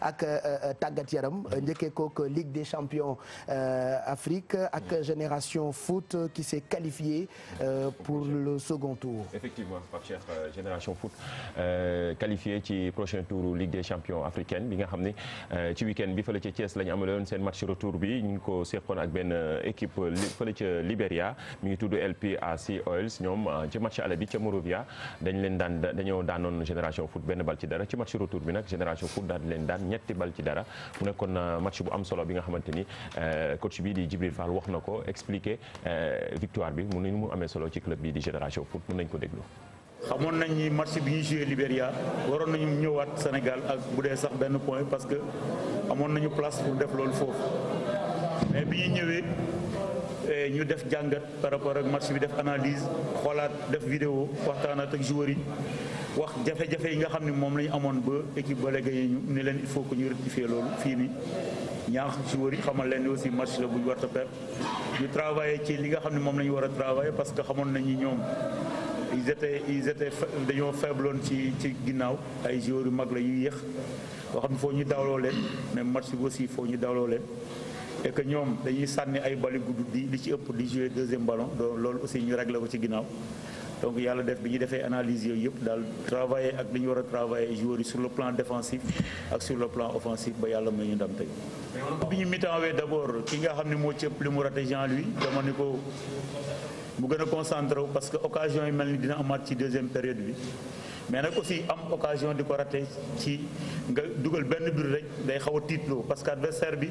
ak euh, euh, tàggat yaram euh, njëkkee kook Ligue des champions Afrique ak génération foot qui s'est qualifiée pour le second tour. effectivement Pape Cheikh génération foot ci prochain tour Ligue des champions africaine bi nga xam ni ci week-end bi fële ca Thiès lañu amaloon seen match retour bi ñu ngi ko seqoon ak benn équipe fële ca Liberia mi ngi tudd LPAC Oils ñoom ci match aller bi ca Monrovia dañ leen daan dañoo daanoon génération foot benn bal ci dara ci match retour bi nag génération foot daan leen daan ñetti bal ci dara mu nekkoon euh, match bu am solo bi nga xamante ni euh, coach bi di Djibril Fall wax na ko expliquer euh, victoire bi mu ni mu amee solo ci club bi di Génération Foot mën nañ ko déglu. xamoon nañ ni match bi ñuy joué Libéria waroon nañu ñëwaat Sénégal ak bu dee sax benn point parce que amoon nañu place pour def loolu foofu mais bi ñuy ñëwee. ñu def jàngat par rapport ak match bi def analyse xoolaat def vidéo waxtaanaat ak joueurs yi wax jafe-jafe yi nga xam ne moom la ñu amoon ba équipe ba léegi ñu ne leen il faut que ñu rectifier loolu fii nii ñaax joueurs yi xamal leen aussi match la bu ñu war a ñu travailler ci li nga xam ne moom la ñu war a parce que xamoon nañu ñoom. ils étaient dañoo faibloon ci ci ginnaaw ay joueurs yu mag la yuy yéex boo xam foo ñu dawloo leen mais match bi aussi foo ñu dawloo et que ñoom dañuy sànni ay bali gudd di li ci ëpp di jouer deuxième ballon donc loolu aussi ñu réglé ko ci ginnaaw donc yàlla def bi ñu defee analyse yooyu yëpp daal travailler ak li ñu war a travailler joueurs yi sur le plan défensif ak sur le plan offensif ba yàlla may ñu ndam tey. bi ñu mitanwee d' ki nga xam ne moo ci ëpp li mu raté Jean-Louis dama ni ko mu gën concentre parce que occasion yi mel ni dina amaat ci deuxième période bi. mais nag aussi am occasion di ko raté ci nga dugal benn but rek day xaw a tiitloo parce que adversaire bi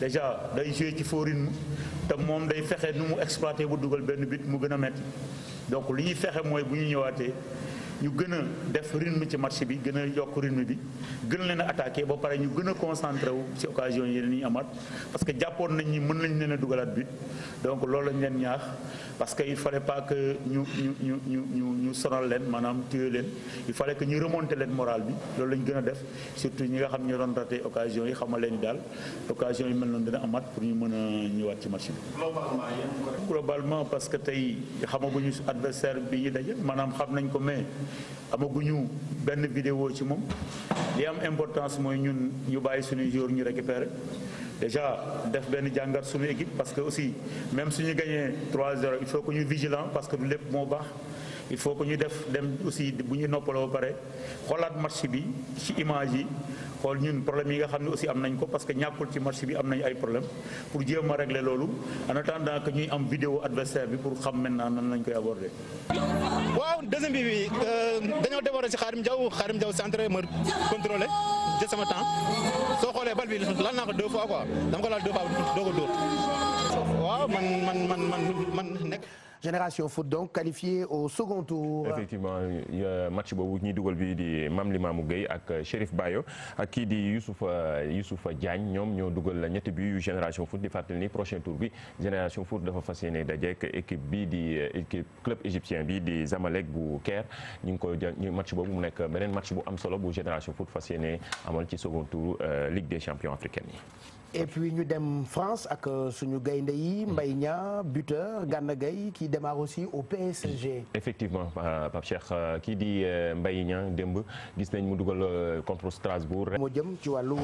déjà day joué ci faux rythme te moom day fexe nu mu exploité bu dugal benn but mu gën a metti donc li ñuy fexe mooy bu ñu ñëwaatee ñu gën a def rythme ci match bi gën a yokk rythme bi gën leen a attaqué ba pare ñu gën a ci occasion yeneen yi amaat parce que jàppoon nañ mën nañ leen a dugalaat but donc loolu lañ leen ñaax parce que il fallait pas ñu ñu ñu ñu ñu ñu sonal leen maanaam téye leen il fallait que ñu remonter leen moral bi loolu lañ gën a def surtout ñi nga xam ñoo doon raté occasion yi xamal leen daal occasion yi mel noonu dina amaat pour ñu mën a ñëwaat ci match bi. globalement parce que tey bi ñu daje amaguñu benn vidéo ci moom li am importance mooy ñun ñu bàyyi suñuy jour ñu récupérer déjà def benn jàngat suñu équipe parce que aussi même suñu gañee 3-0 il faut que ñu vigilant parce que du lépp moo baax il faut que ñu def dem aussi bu ñu noppaloo ba pare xoolaat match bi ci image yi xool ñun problème yi nga xam ne aussi am nañ ko parce que ñàkkul ci match bi am nañ ay problème pour jéem a régler loolu en attendant que ñuy am vidéo adversaire bi pour xam maintenant nan lañ koy aborder. waaw deuxième bi bi euh, dañoo déborder ci Xaarim Jaw Xaarim Jaw centré ma contrôlé jël sama temps soo xoolee bal bi lan naa ko deux fois quoi dama ko laal deux fois doo ko dóor waaw man man man man man nekk. Génération Foot donc qualifié au second tour. effectivement euh, match boobu ñuy dugal bi di Mame Limamou Gueye ak Chérif Bayo ak kii di Youssoufa euh, Youssoufa Diagne ñoom ñoo dugal ñetti bi yu Génération Foot di fàttali ni prochain tour bi Génération Foot dafa fas yéene dajeek équipe bi di euh, équipe club égyptien bi di Zamalek bu Caire ñu ngi ko match boobu mu nekk beneen match bu am solo bu Génération Foot fas yéene amal ci second tour Ligue des champions africaine yi. et ñu dem France ak euh, suñu gaynde yi mm. Mbaye Niang buteur Gana Gueye qui démarre aussi au PSG. effectivement euh, Pape Cheikh euh, kii di Mbaye Niang démb gis nañ mu dugal contre Strasbourg. moo jëm ci wàllu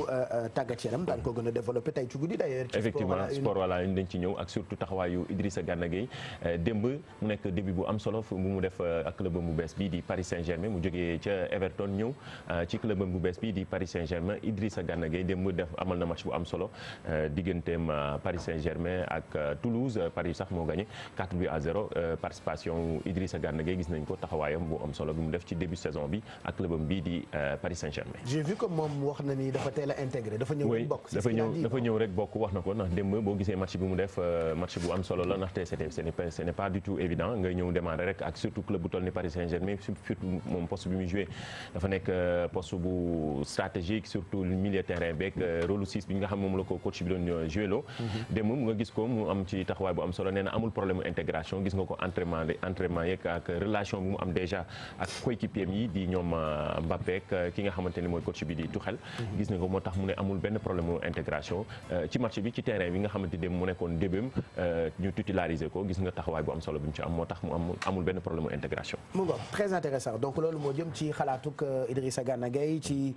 tàggat yaram daan ko gën a développé tey ci guddi d'ailleurs. effectivement sport voilà ñu dañ ci ñëw ak surtout taxawaayu Idrissa Gana Gueye démb mu nekk début bu am solo bu mu def ak club mu bees bii di Paris Saint-Germain mu jógee ca Everton ñëw ci club bu bees bii di Paris Saint-Germain Idrissa Gana Gueye démb def amal na match bu am solo. Euh, digganteem euh, Paris Saint-Germain ak euh, Toulouse Paris sax moo gagné 4 buts bu am solo bi mu def ci début saison bi ak clubam bii di Paris Saint-Germain. j'ai moom wax na ni dafa teel a dafa ñëw rek bokk. wax na ko ndax démb boo gisee match bi mu def match bu am solo la ndaxte c'était ce n'est pas du tout évident ngay ñëw démarrer rek ak surtout club bu toll ni Paris saint surtout moom poste bi muy joué dafa nekk poste bu stratégique surtout milieu ko coach bi doon juelo mhm. démb nga gis ko mu am ci taxawaay bu am solo nee amul problème intégration gis nga ko entraînement entraînement ak relation bi mu am déjà ak coéquipiers yi di ñoom euh, Mbappé ak euh, ki nga xamante mooy coach bi di Tuchel mhm. gis nga ko moo tax mu ne amul benn problème intégration mu nekkoon très intéressant donc loolu moo jëm ci xalaatuk euh, Idrissa Gana Gueye ci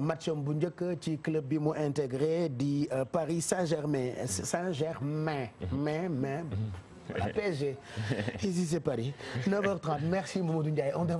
matcham bu njëkk ci club bi mu intégré di euh, Paris Saint-Germain euh, Saint-Germain mhm. mais mais mhm. PSG ici c'est Paris 9h30 merci Mamadou Ndiaye on